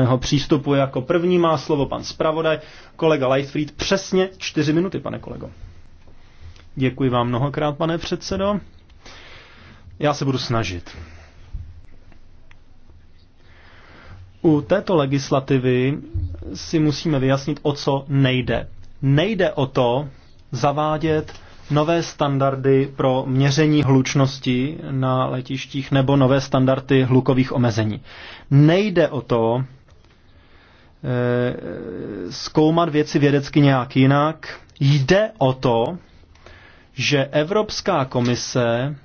jednotného přístupu. Jako první má slovo pan zpravodaj, kolega Leifried, přesně čtyři minuty, pane kolego. Děkuji vám mnohokrát, pane předsedo. Já se budu snažit. U této legislativy si musíme vyjasnit, o co nejde. Nejde o to zavádět nové standardy pro měření hlučnosti na letištích nebo nové standardy hlukových omezení. Nejde o to Eh, zkoumat věci vědecky nějak jinak. Jde o to, že Evropská komise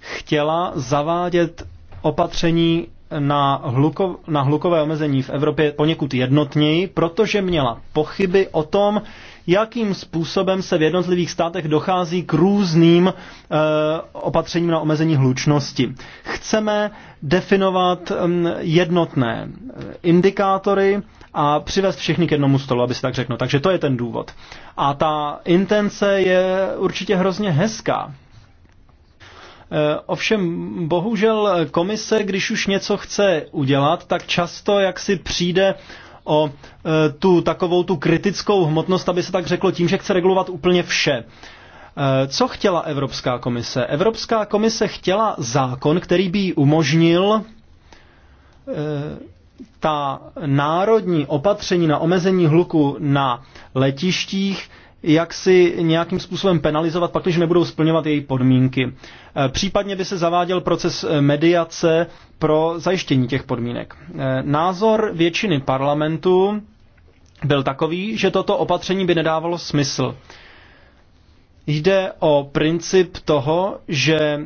chtěla zavádět opatření na, hluko, na hlukové omezení v Evropě poněkud jednotněji, protože měla pochyby o tom, jakým způsobem se v jednotlivých státech dochází k různým e, opatřením na omezení hlučnosti. Chceme definovat e, jednotné eh, indikátory, a přivést všechny k jednomu stolu, aby si tak řekl. Takže to je ten důvod. A ta intence je určitě hrozně hezká. E, ovšem, bohužel komise, když už něco chce udělat, tak často jak si přijde o e, tu takovou tu kritickou hmotnost, aby se tak řeklo, tím, že chce regulovat úplně vše. E, co chtěla Evropská komise? Evropská komise chtěla zákon, který by jí umožnil ta národní opatření na omezení hluku na letištích jak si nějakým způsobem penalizovat, pak, když nebudou splňovat její podmínky. E, případně by se zaváděl proces e, mediace pro zajištění těch podmínek. E, názor většiny parlamentu byl takový, že toto opatření by nedávalo smysl. Jde o princip toho, že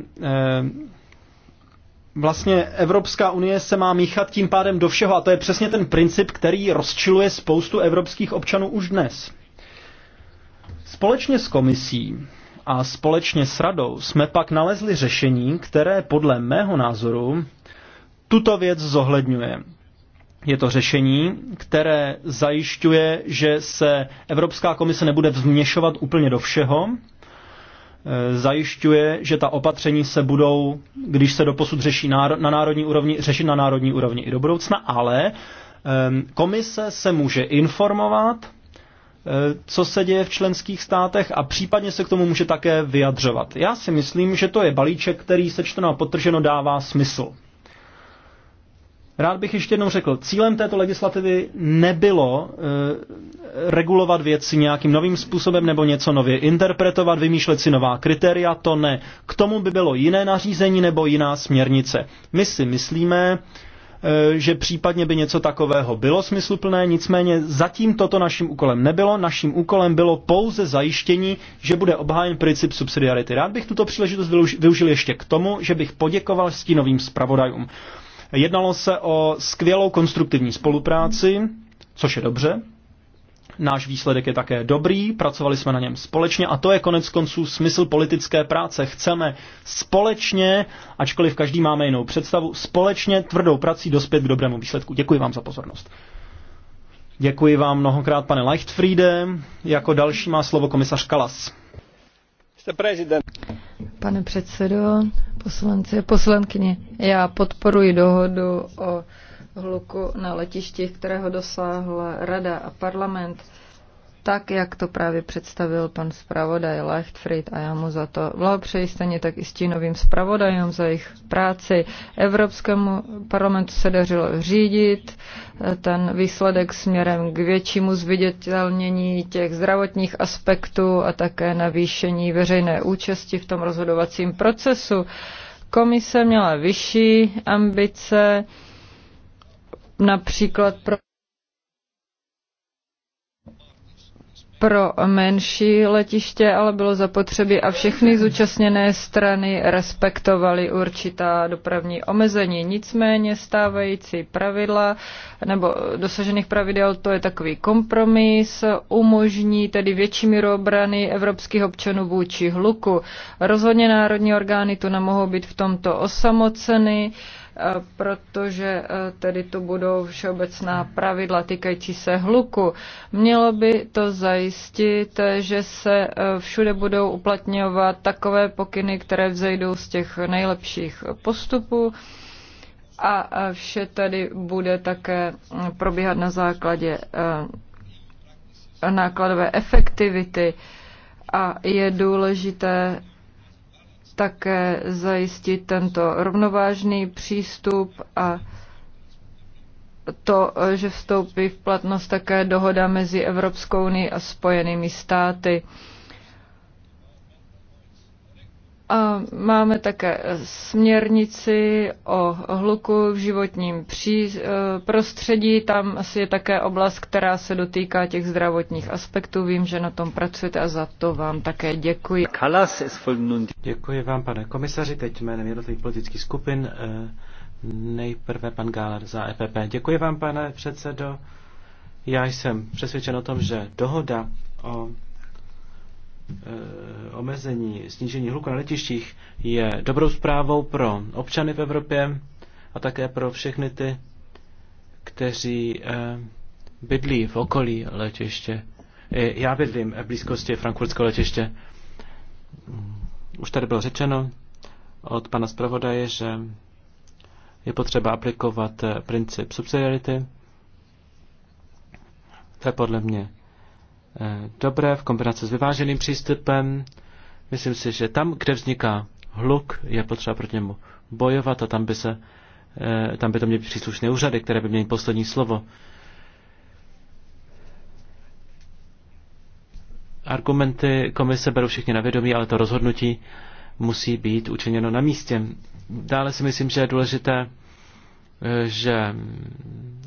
vlastně Evropská unie se má míchat tím pádem do všeho a to je přesně ten princip, který rozčiluje spoustu evropských občanů už dnes. Společně s komisí a společně s radou jsme pak nalezli řešení, které podle mého názoru tuto věc zohledňuje. Je to řešení, které zajišťuje, že se Evropská komise nebude vměšovat úplně do všeho, Eh, zajišťuje, že ta opatření se budou, když se doposud řeší na národní úrovni, řešit na národní úrovni i do budoucna, ale komise se může informovat, eh, co se děje v členských státech a případně se k tomu může také vyjadřovat. Já si myslím, že to je balíček, který sečteno a potrženo dává smysl. Rád bych ještě jednou řekl, cílem této legislativy nebylo e, regulovat věci nějakým novým způsobem nebo něco nově interpretovat, vymýšlet si nová kritéria, to ne. K tomu by bylo jiné nařízení nebo jiná směrnice. My si myslíme, e, že případně by něco takového bylo smysluplné, nicméně zatím toto naším úkolem nebylo. Naším úkolem bylo pouze zajištění, že bude obhájen princip subsidiarity. Rád bych tuto příležitost využil ještě k tomu, že bych poděkoval stínovým zpravodajům. Jednalo se o skvělou konstruktivní spolupráci, což je dobře. Náš výsledek je také dobrý, pracovali jsme na něm společně a to je konec konců smysl politické práce. Chceme společně, ačkoliv každý máme jinou představu, společně tvrdou prací dospět k dobrému výsledku. Děkuji vám za pozornost. Děkuji vám mnohokrát, pane Leichtfriede. Jako další má slovo komisař Kalas. Jste prezident. Pane předsedo, poslanci, poslankyně, já podporuji dohodu o hluku na letišti, kterého dosáhla Rada a parlament tak, jak to právě představil pan zpravodaj Leichtfried a já mu za to blahopřeji stejně tak i stínovým zpravodajům za jejich práci. Evropskému parlamentu se dařilo řídit eh, ten výsledek směrem k většímu zviditelnění těch zdravotních aspektů a také navýšení veřejné účasti v tom rozhodovacím procesu. Komise měla vyšší ambice, například pro pro menší letiště, ale bylo zapotřebí a všechny zúčastněné strany respektovaly určitá dopravní omezení. Nicméně stávající pravidla nebo dosažených pravidel to je takový kompromis, umožní tedy větší míru obrany evropských občanů vůči hluku. Rozhodně národní orgány tu nemohou být v tomto osamoceny. Uh, Eh, protože eh, tedy to budou všeobecná pravidla týkající se hluku. Mělo by to zajistit, že se eh, všude budou uplatňovat takové pokyny, které vzejdou z těch nejlepších postupů a vše tady bude také mm, probíhat na základě nákladové efektivity a je důležité také zajistit tento rovnovážný přístup a to, že vstoupí v platnost také dohoda mezi Evropskou unii a Spojenými státy. A máme také eh, směrnici o hluku v životním pří, eh, prostředí. Tam asi je také oblast, která se dotýká těch zdravotních aspektů. Vím, že na tom pracujete a za to vám také děkuji. Děkuji vám, pane komisaři. Teď jménem jednotlivých politických skupin. Eh, nejprve pan Gáler za EPP. Děkuji vám, pane předsedo. Já jsem přesvědčen o tom, že dohoda o Eh, omezení snížení hluku na letištích je dobrou zprávou pro občany v Evropě a také pro všechny ty, kteří eh, bydlí v okolí letiště. Eh, já bydlím v blízkosti frankfurtského letiště. Už tady bylo řečeno od pana zpravodaje, že je potřeba aplikovat princip subsidiarity. To je podle mě dobré v kombinaci s vyváženým přístupem. Myslím si, že tam, kde vzniká hluk, je potřeba proti němu bojovat a tam by, se, eh, tam by to měly příslušné úřady, které by měly poslední slovo. Argumenty komise berou všichni na vědomí, ale to rozhodnutí musí být učiněno na místě. Dále si myslím, že je důležité, eh, že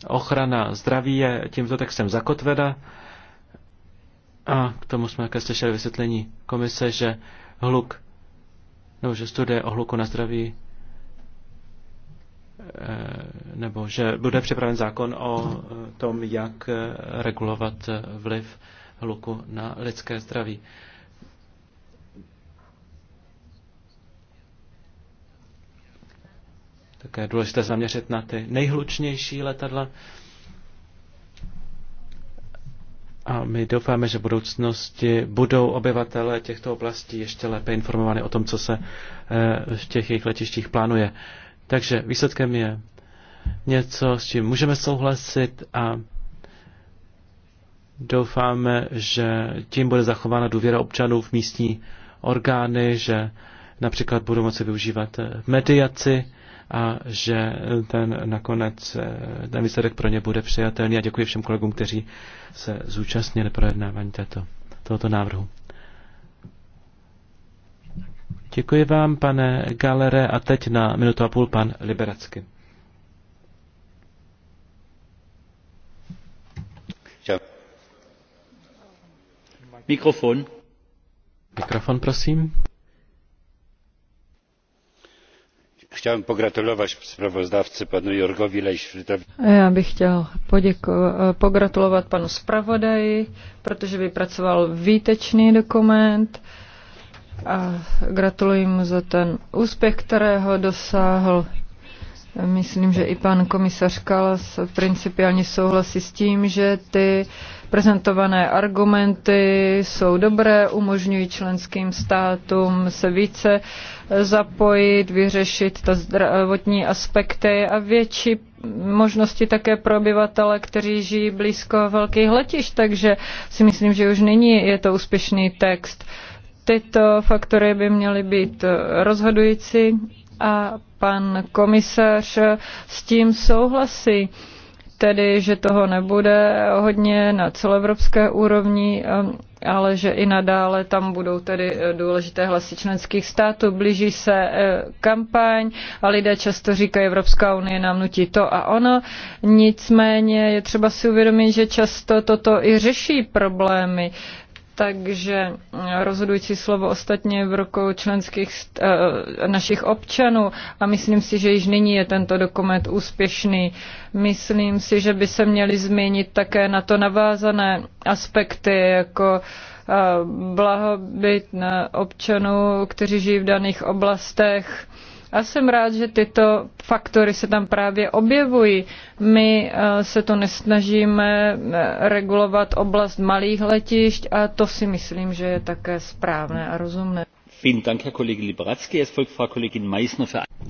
ochrana zdraví je tímto textem zakotvena a k tomu jsme také slyšeli vysvětlení komise, že hluk, nebo že studie o hluku na zdraví, e, nebo že bude připraven zákon o tom, jak regulovat vliv hluku na lidské zdraví. Také je důležité zaměřit na ty nejhlučnější letadla. A my doufáme, že v budoucnosti budou obyvatele těchto oblastí ještě lépe informovány o tom, co se eh, v těch jejich letištích plánuje. Takže výsledkem je něco, s čím můžeme souhlasit a doufáme, že tím bude zachována důvěra občanů v místní orgány, že například budou moci využívat eh, mediaci a že ten nakonec, eh, ten výsledek pro ně bude přijatelný a děkuji všem kolegům, kteří se zúčastnili projednávání této, tohoto návrhu. Děkuji vám, pane Galere, a teď na minutu a půl pan Liberacky. Mikrofon. Mikrofon, prosím. Chciałem pogratulować sprawozdawcy panu Jorgowi Leichtfriedowi. Já bych chtěl poděkovat, pogratulovat panu zpravodaji, protože vypracoval výtečný dokument a gratuluji mu za ten úspěch, kterého dosáhl. Myslím, že i pan komisař Kalas principiálně souhlasí s tím, že ty prezentované argumenty jsou dobré, umožňují členským státům se více zapojit, vyřešit ta zdravotní aspekty a větší možnosti také pro obyvatele, kteří žijí blízko velkých letišť, takže si myslím, že už nyní je to úspěšný text. Tyto faktory by měly být rozhodující a pan komisař s tím souhlasí tedy, že toho nebude hodně na celoevropské úrovni, eh, ale že i nadále tam budou tedy eh, důležité hlasy členských států. Blíží se eh, kampaň a lidé často říkají, Evropská unie nám nutí to a ono. Nicméně je třeba si uvědomit, že často toto i řeší problémy takže rozhodující slovo ostatně v rukou členských eh, našich občanů a myslím si, že již nyní je tento dokument úspěšný. Myslím si, že by se měly změnit také na to navázané aspekty, jako eh, blahobyt občanů, kteří žijí v daných oblastech, a jsem rád, že tyto faktory se tam právě objevují. My eh, se to nesnažíme eh, regulovat oblast malých letišť a to si myslím, že je také správné a rozumné.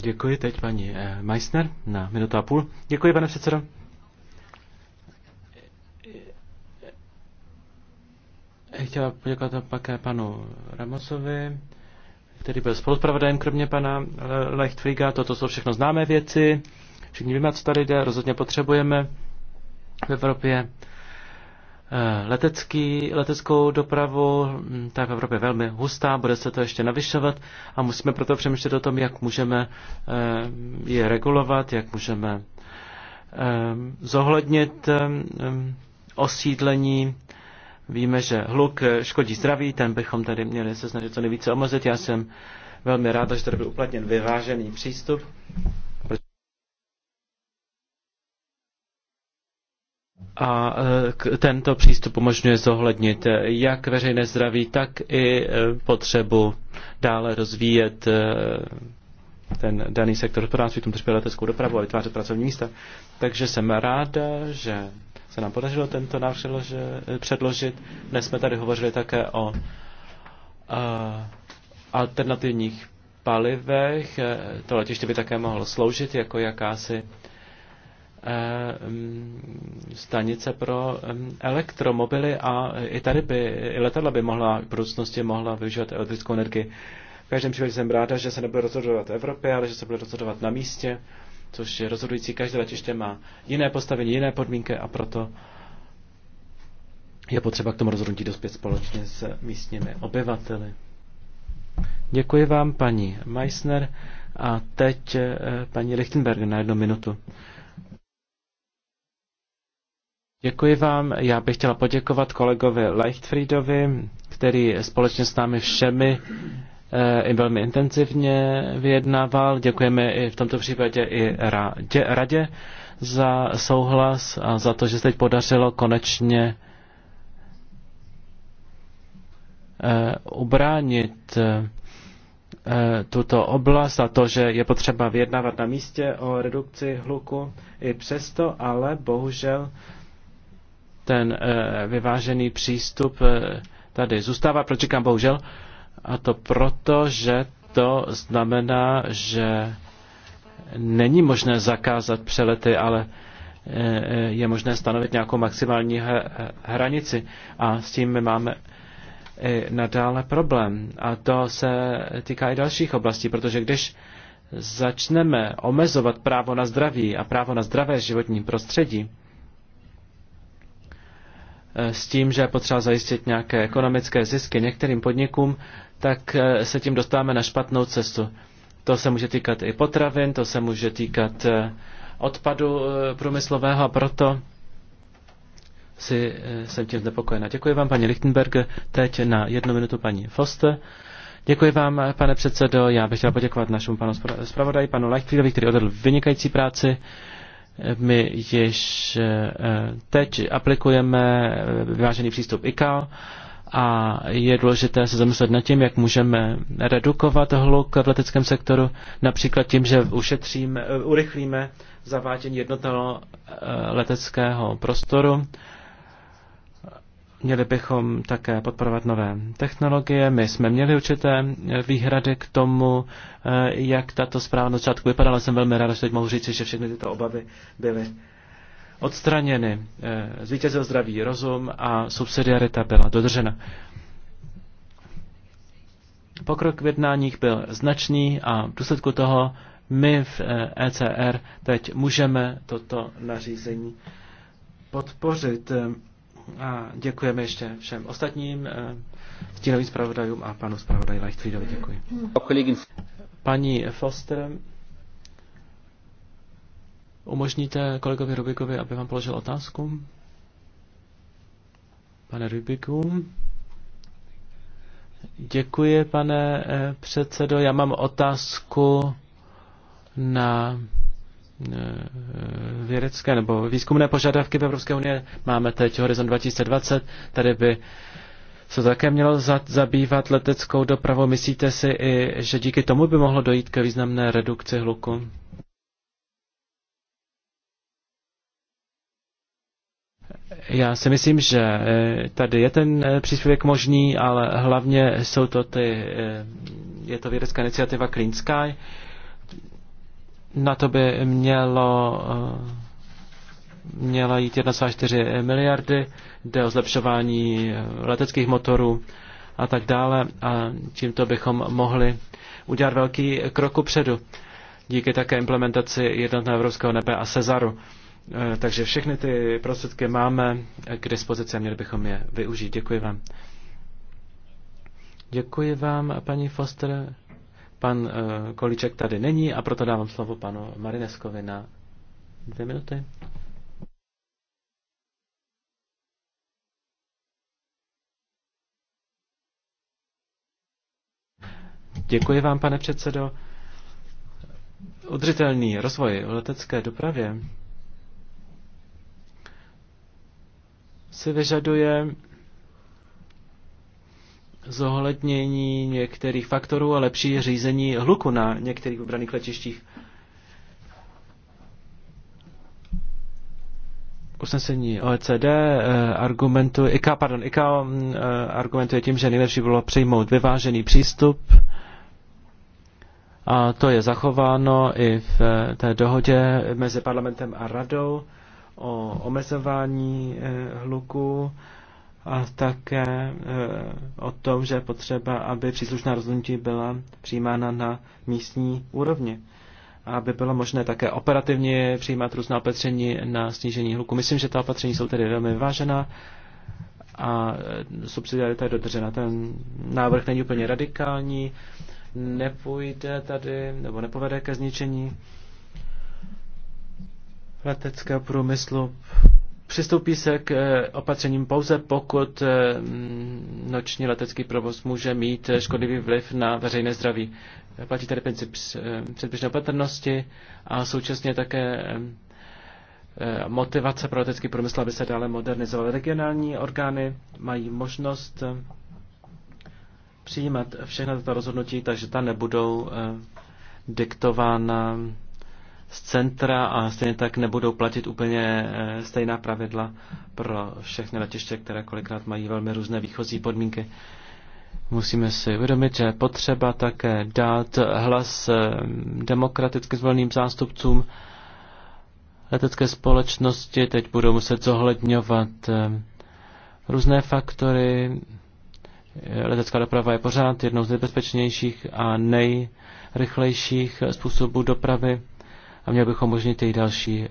Děkuji teď paní eh, Meissner na minutu a půl. Děkuji, pane předsedo. Chtěla poděkovat pak panu Ramosovi který byl spolupravodajem, kromě pana eh, Lechtviga. Toto jsou všechno známé věci. Všichni víme, co tady jde. Rozhodně potřebujeme v Evropě eh, letecký, leteckou dopravu, hm, ta je v Evropě velmi hustá, bude se to ještě navyšovat a musíme proto přemýšlet o tom, jak můžeme eh, je regulovat, jak můžeme zohlednit osídlení Víme, že hluk škodí zdraví, ten bychom tady měli se snažit co nejvíce omezit. Já jsem velmi rád, že tady byl uplatněn vyvážený přístup. A eh, tento přístup umožňuje zohlednit jak veřejné zdraví, tak i eh, potřebu dále rozvíjet eh, ten daný sektor hospodářství, tomu třeba leteckou dopravu a vytvářet pracovní místa. Takže jsem ráda, že se nám podařilo tento návrh předložit. Dnes jsme tady hovořili také o alternativních palivech. To letiště by také mohlo sloužit jako jakási stanice pro elektromobily a i tady by, i letadla by mohla v budoucnosti mohla využívat elektrickou energii. V každém případě jsem ráda, že se nebude rozhodovat v Evropě, ale že se bude rozhodovat na místě což je rozhodující. Každé letiště má jiné postavení, jiné podmínky a proto je potřeba k tomu rozhodnutí dospět společně s místními obyvateli. Děkuji vám, paní Meissner. A teď eh, paní Lichtenberg na jednu minutu. Děkuji vám. Já bych chtěla poděkovat kolegovi Leichtfriedovi, který společně s námi všemi Eh, i velmi intenzivně vyjednával. Děkujeme i v tomto případě i radě, radě za souhlas a za to, že se teď podařilo konečně eh, ubránit eh, tuto oblast a to, že je potřeba vyjednávat na místě o redukci hluku. I přesto ale bohužel ten vyvážený přístup tady zůstává, proč říkám bohužel, a to proto, že to znamená, že není možné zakázat přelety, ale eh, je možné stanovit nějakou maximální hranici. A s tím my máme i nadále problém. A to se týká i dalších oblastí, protože když začneme omezovat právo na zdraví a právo na zdravé životní prostředí, Eh, s tím, že je potřeba zajistit nějaké ekonomické zisky některým podnikům, tak eh, se tím dostáváme na špatnou cestu. To se může týkat i potravin, to se může týkat eh, odpadu průmyslového a proto si, jsem tím znepokojena. Děkuji vám, paní Lichtenberg. Teď na jednu minutu paní Foster. Děkuji vám, pane předsedo. Já bych chtěl poděkovat našemu panu zpravodaji, panu Leichtfieldovi, který odvedl vynikající práci. My již eh, teď aplikujeme vyvážený přístup ICAO a je důležité se zamyslet nad tím, jak můžeme redukovat hluk v leteckém sektoru, například tím, že ušetříme, urychlíme zavádění jednotného eh, leteckého prostoru Měli bychom také podporovat nové technologie. My jsme měli určité eh, výhrady k tomu, eh, jak tato zpráva na začátku vypadala. Jsem velmi rád, že teď mohu říct, že všechny tyto obavy byly odstraněny. Eh, zvítězil zdravý rozum a subsidiarita byla dodržena. Pokrok v jednáních byl značný a v důsledku toho my v ECR e teď můžeme toto nařízení podpořit. A děkujeme ještě všem ostatním eh, stínovým zpravodajům a panu zpravodaji Leichtfriedovi děkuji. Paní Foster, umožníte kolegovi Rubikovi, aby vám položil otázku? Pane Rubiku. Děkuji, pane eh, předsedo. Já mám otázku na Eh, vědecké nebo výzkumné požadavky v Evropské unie. Máme teď Horizon 2020, tady by se také mělo za, zabývat leteckou dopravou. Myslíte si i, že díky tomu by mohlo dojít ke významné redukci hluku? Já si myslím, že eh, tady je ten eh, příspěvek možný, ale hlavně jsou to ty, je to vědecká iniciativa Clean Sky, na to by mělo, eh, měla jít 1,4 miliardy, jde o zlepšování leteckých motorů a tak dále a tímto bychom mohli udělat velký krok upředu díky také implementaci jednotného evropského nebe a Cezaru. Eh, takže všechny ty prostředky máme k dispozici a měli bychom je využít. Děkuji vám. Děkuji vám, paní Foster. Pan eh, Kolíček tady není a proto dávám slovo panu Marineskovi na dvě minuty. Děkuji vám, pane předsedo. Udržitelný rozvoj v letecké dopravě si vyžaduje zohlednění některých faktorů a lepší řízení hluku na některých vybraných letištích. usnesení OECD eh, argumentuje, ICA, pardon, ICA mm, eh, argumentuje tím, že nejlepší bylo přijmout vyvážený přístup a to je zachováno i v eh, té dohodě mezi parlamentem a radou o omezování hluku a také eh, o tom, že je potřeba, aby příslušná rozhodnutí byla přijímána na místní úrovni. Aby bylo možné také operativně přijímat různá opatření na snížení hluku. Myslím, že ta opatření jsou tedy velmi vážená a eh, subsidiarita je dodržena. Ten návrh není úplně radikální, nepůjde tady nebo nepovede ke zničení leteckého průmyslu, Přistoupí se k eh, opatřením pouze, pokud eh, noční letecký provoz může mít eh, škodlivý vliv na veřejné zdraví. Platí tady princip předběžné opatrnosti a současně také motivace pro letecký průmysl, aby se dále modernizovaly. Regionální orgány mají možnost přijímat všechna tato rozhodnutí, takže ta nebudou diktována z centra a stejně tak nebudou platit úplně eh, stejná pravidla pro všechny letiště, které kolikrát mají velmi různé výchozí podmínky. Musíme si uvědomit, že je potřeba také dát hlas eh, demokraticky zvoleným zástupcům letecké společnosti. Teď budou muset zohledňovat eh, různé faktory. Letecká doprava je pořád jednou z nejbezpečnějších a nejrychlejších způsobů dopravy a měl bychom možnit její další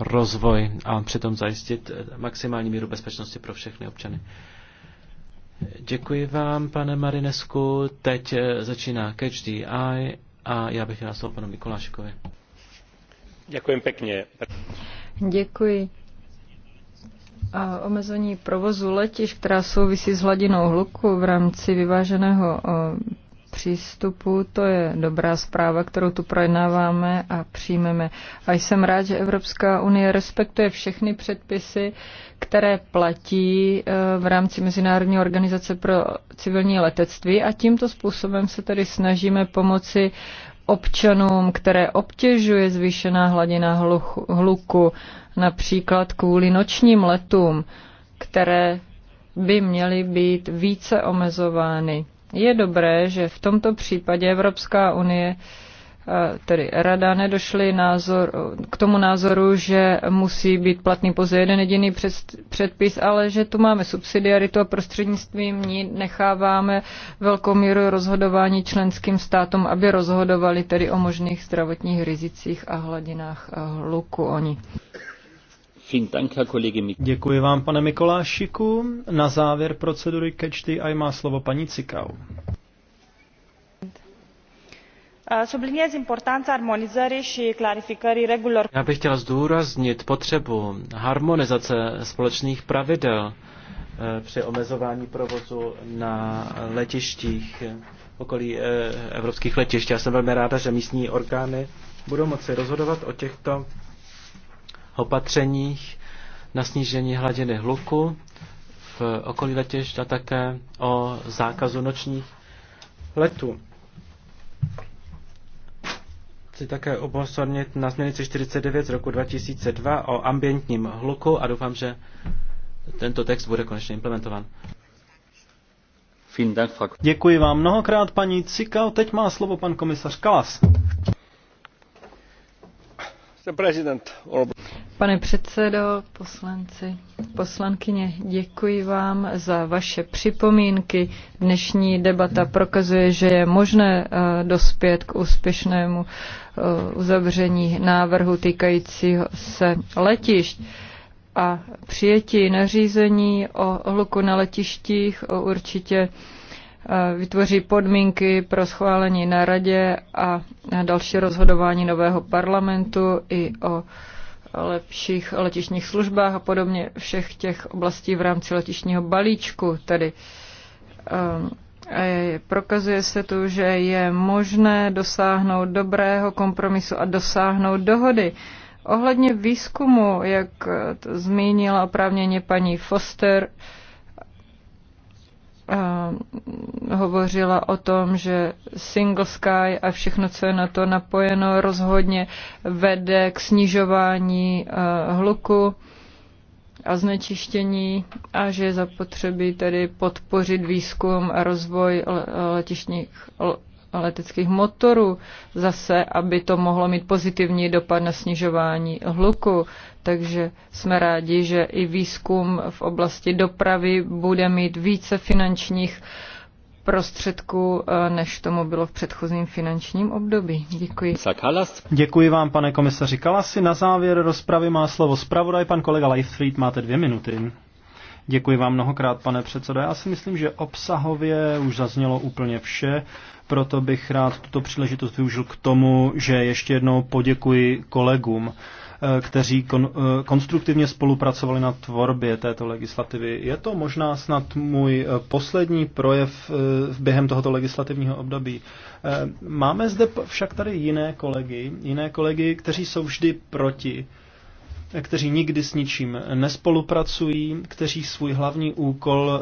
rozvoj a přitom zajistit maximální míru bezpečnosti pro všechny občany. Děkuji vám, pane Marinesku. Teď eh, začíná Catch the Eye a já bych rád slovo panu Mikulášikovi. Děkuji pěkně. Děkuji. A omezení provozu letiš, která souvisí s hladinou hluku v rámci vyváženého eh, přístupu. To je dobrá zpráva, kterou tu projednáváme a přijmeme. A jsem rád, že Evropská unie respektuje všechny předpisy, které platí eh, v rámci Mezinárodní organizace pro civilní letectví a tímto způsobem se tedy snažíme pomoci občanům, které obtěžuje zvýšená hladina hluku, například kvůli nočním letům, které by měly být více omezovány. Je dobré, že v tomto případě Evropská unie eh, tedy rada nedošly názor, k tomu názoru, že musí být platný pouze jeden jediný předpis, ale že tu máme subsidiaritu a prostřednictvím ní necháváme velkou míru rozhodování členským státům, aby rozhodovali tedy o možných zdravotních rizicích a hladinách eh, hluku oni. Děkuji vám, pane Mikolášiku. Na závěr procedury kečty a má slovo paní Cikau. Já bych chtěla zdůraznit potřebu harmonizace společných pravidel eh, při omezování provozu na letištích, okolí eh, evropských letišť. Já jsem velmi ráda, že místní orgány budou moci rozhodovat o těchto opatřeních na snížení hladiny hluku v okolí letišť a také o zákazu nočních letů. Chci také upozornit na směrnici 49 z roku 2002 o ambientním hluku a doufám, že tento text bude konečně implementovan. Děkuji vám mnohokrát, paní Cikal. Teď má slovo pan komisař Kalas. Pane předsedo, poslanci, poslankyně, děkuji vám za vaše připomínky. Dnešní debata prokazuje, že je možné eh, dospět k úspěšnému eh, uzavření návrhu týkajícího se letišť a přijetí nařízení o hluku na letištích určitě eh, vytvoří podmínky pro schválení na radě a další rozhodování nového parlamentu i o lepších letišních službách a podobně všech těch oblastí v rámci letišního balíčku. Tedy um, prokazuje se tu, že je možné dosáhnout dobrého kompromisu a dosáhnout dohody. Ohledně výzkumu, jak eh, zmínila oprávněně paní Foster, hovořila o tom, že single sky a všechno, co je na to napojeno, rozhodně vede k snižování hluku a znečištění a že je zapotřebí tedy podpořit výzkum a rozvoj letišních leteckých motorů zase, aby to mohlo mít pozitivní dopad na snižování hluku. Takže jsme rádi, že i výzkum v oblasti dopravy bude mít více finančních prostředků, eh, než tomu bylo v předchozím finančním období. Děkuji. Děkuji vám, pane komisaři Kalasi. Na závěr rozpravy má slovo zpravodaj, pan kolega Leifried, máte dvě minuty. Děkuji vám mnohokrát, pane předsedo. Já si myslím, že obsahově už zaznělo úplně vše, proto bych rád tuto příležitost využil k tomu, že ještě jednou poděkuji kolegům eh, kteří kon, eh, konstruktivně spolupracovali na tvorbě této legislativy. Je to možná snad můj eh, poslední projev během tohoto legislativního období. Máme zde však tady jiné kolegy, jiné kolegy, kteří jsou vždy proti kteří nikdy s ničím nespolupracují, kteří svůj hlavní úkol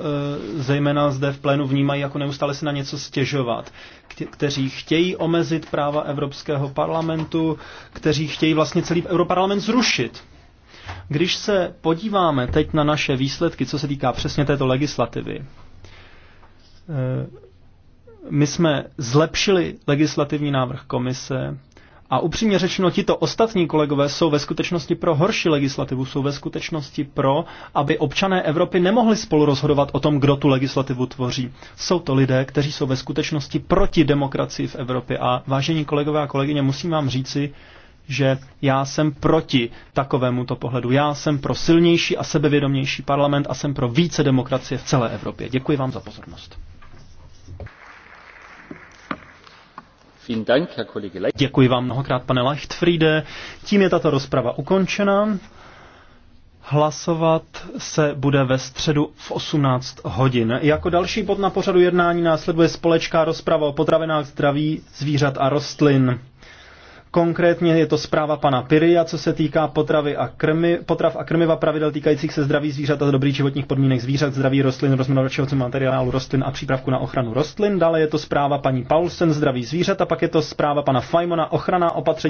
e, zejména zde v plénu vnímají jako neustále si na něco stěžovat, kteří chtějí omezit práva Evropského parlamentu, kteří chtějí vlastně celý Europarlament zrušit. Když se podíváme teď na naše výsledky, co se týká přesně této legislativy, e, my jsme zlepšili legislativní návrh komise, a upřímně řečeno, tito ostatní kolegové jsou ve skutečnosti pro horší legislativu, jsou ve skutečnosti pro, aby občané Evropy nemohli spolu rozhodovat o tom, kdo tu legislativu tvoří. Jsou to lidé, kteří jsou ve skutečnosti proti demokracii v Evropě. A vážení kolegové a kolegyně, musím vám říci, že já jsem proti takovému to pohledu. Já jsem pro silnější a sebevědomější parlament a jsem pro více demokracie v celé Evropě. Děkuji vám za pozornost. Děkuji vám mnohokrát, pane Leichtfriede. Tím je tato rozprava ukončena. Hlasovat se bude ve středu v 18 hodin. Jako další bod na pořadu jednání následuje společná rozprava o potravinách zdraví, zvířat a rostlin. Konkrétně je to zpráva pana a co se týká potravy a krmy, potrav a krmiva pravidel týkajících se zdraví zvířat a dobrých životních podmínek zvířat, zdraví rostlin, rozmnožovacího materiálu rostlin a přípravku na ochranu rostlin. Dále je to zpráva paní Paulsen, zdraví zvířat a pak je to zpráva pana Fajmona, ochrana opatření